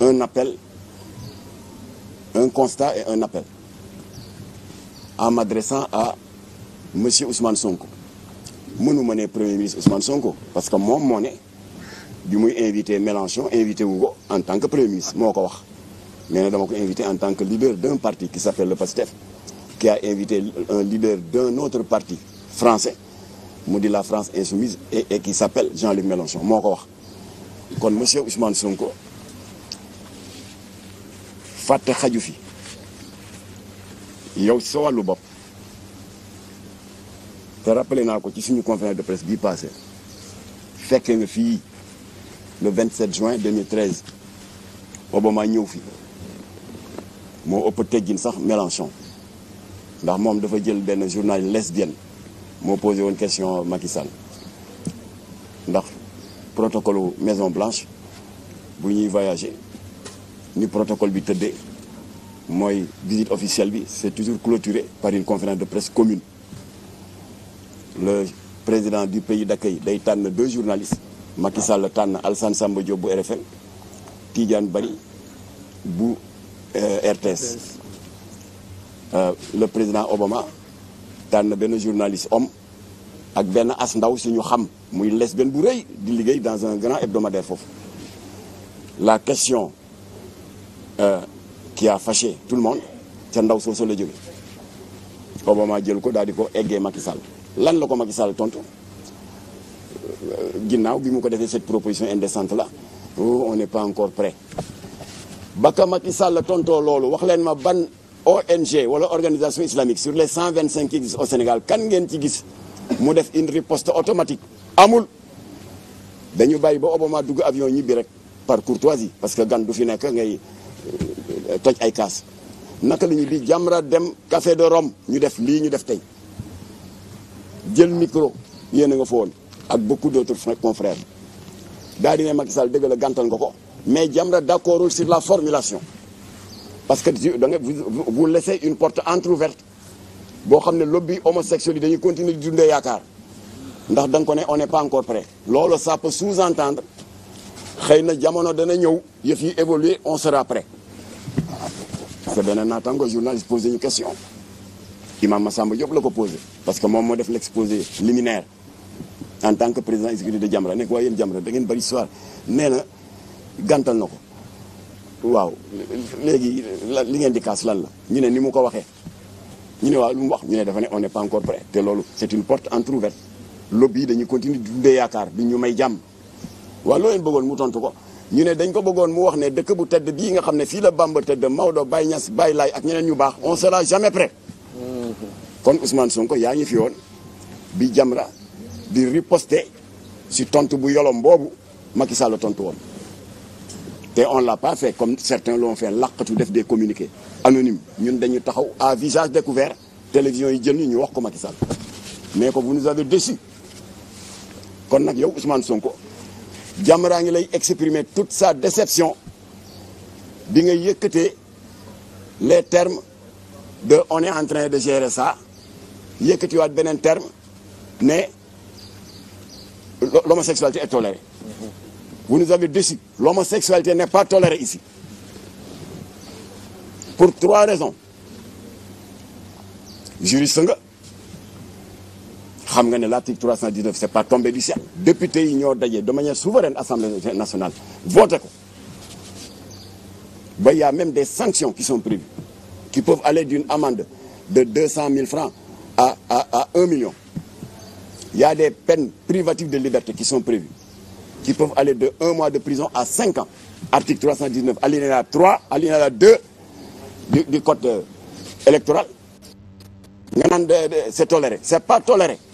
un appel, un constat et un appel en m'adressant à monsieur Ousmane Sonko mënuma ne premier ministre Ousmane Sonko parce que moom moo ne bi muy invité Mélenchon invité wu ko en tant que premier ministre moo ko wax nee dama ko invité en tant que leader d'un parti qui s'appelle le PASTEF qui a invité un leader d'un autre parti français mu di la France insoumise et, et qui s'appelle Jean-Luc Mélenchon moo ko wax kon monsieur Ousmane Sonko fàtte xaju fi yow sa wàllu bopp te rappelé naa ko ci suñu conférence de presse bii passé fekkee nga fii le 27 juin 2013 Obama ñëw fi moo ëpp teggin sax Mélenchon ndax moom dafa jël benn journal lesbienne moo posé woon question Macky Sall ndax protocole Maison Blanche bu ñuy voyager ni protocole bi tëddee mooy visite officielle bi c'est toujours clôturé par une conférence de presse commune le président du pays d'accueil day tànn deux journalistes Macky Sall tànn Alassane Samba Diop bu RFM Tidiane Bari bu euh, RTS euh, le président Obama tànn benn journaliste homme ak benn as ndaw si ñu xam muy les benn bu rëy di liggéey dans un grand hebdomadaire foofu la question Euh, qui a fâché tout le monde ca ndaw soosu la jóge Obama jël ko daal di ko eggee Macky Sall lan la ko Macky Sall tontu euh, ginnaaw bi mu ko defee cette proposition indécente là oh, on n'est pas encore prêt ba ka Macky Sall tontoo loolu wax leen ma ban ONG wala organisation islamique sur les 125 qui existent au Sénégal kan ngeen ci gis mu def une riposte automatique amul dañu bàyyi ba Obama dugg avion ñibbi rek par courtoisie parce que gan du fi nekk ngay toj ay kaas naka la ñu di Jamra dem Café de Rome ñu def lii ñu def tey jël micro yéen a nga fa woon ak beaucoup d'autres confrères daal di ne Macky Sall dëgg la gàntal nga ko mais Jamra d'accordul sur la formulation parce que da nga vous laissez une porte entre entrouverte boo xam ne lobby homosexuel yi dañuy continuer di dundee yaakaar ndax da ko ne on n'est pas encore prêt loolu ça peut sous-entendre xëy na jamono dana ñëw yëf yi évoluer on sera prêt sa beneen naataango journaliste posé ñu question imam Massamba Diop la ko posé parce que moom moo def l' exposé liminaire en tant que président exécutif de Jamra nekk waaye yéen Jamra da ngeen bëri nee na gàntal na ko waaw léegi li ngeen di kaas lan la ñu ne ni mu ko waxee ñu ne waaw lu mu wax ñu ne dafa ne on n'est pas encore prêt te loolu c' est une porte entrouverte lobby yi dañuy continuer di dundee yaakaar bi ñu may jàmm waaw loo leen bëggoon mu tontu ko ñu ne dañ ko bëggoon mu wax ne dëkk bu tedd bii nga xam ne fii la Bamba tëdd Maodo Baye Niass Baye Laye ak ñeneen ñu baax on sera jamais prêt mm-hmm. kon Ousmane Sonko yaa ngi fi woon bi Jamra bi riposté si tontu bu yolom boobu Macky Sall la tontu woon te on l'a pas fait comme certains l'ont fait laqatu def des communiqués anonymes ñun dañu taxaw à visage découvert télévision yi jël ñu ñu wax ko Macky Sall mais ko vous nous avez kon nag yow Ousmane Sonko. Jamra ngi lay exprimer toute sa déception bi nga yëkkatee les termes de on est en de gérer ça yëkkatiwaat beneen terme ne l'homosexualité est tolérée vous nous avez déçus l'homosexualité n'est pas tolérée ici pour trois raisons juriste xam nga ne l'article 319 c'est pas tombé du ciel député yi ñoo daje de manière souveraine assemblée nationale voté ko ba y a même des sanctions qui sont prévues qui peuvent aller d'une amende de 200 000 francs à à à 1 million il y a des peines privatives de liberté qui sont prévues qui peuvent aller de 1 mois de prison à cinq ans article 319 alinéa 3 alinéa 2 du du euh, électoral nga naan c'est toléré c'est pas toléré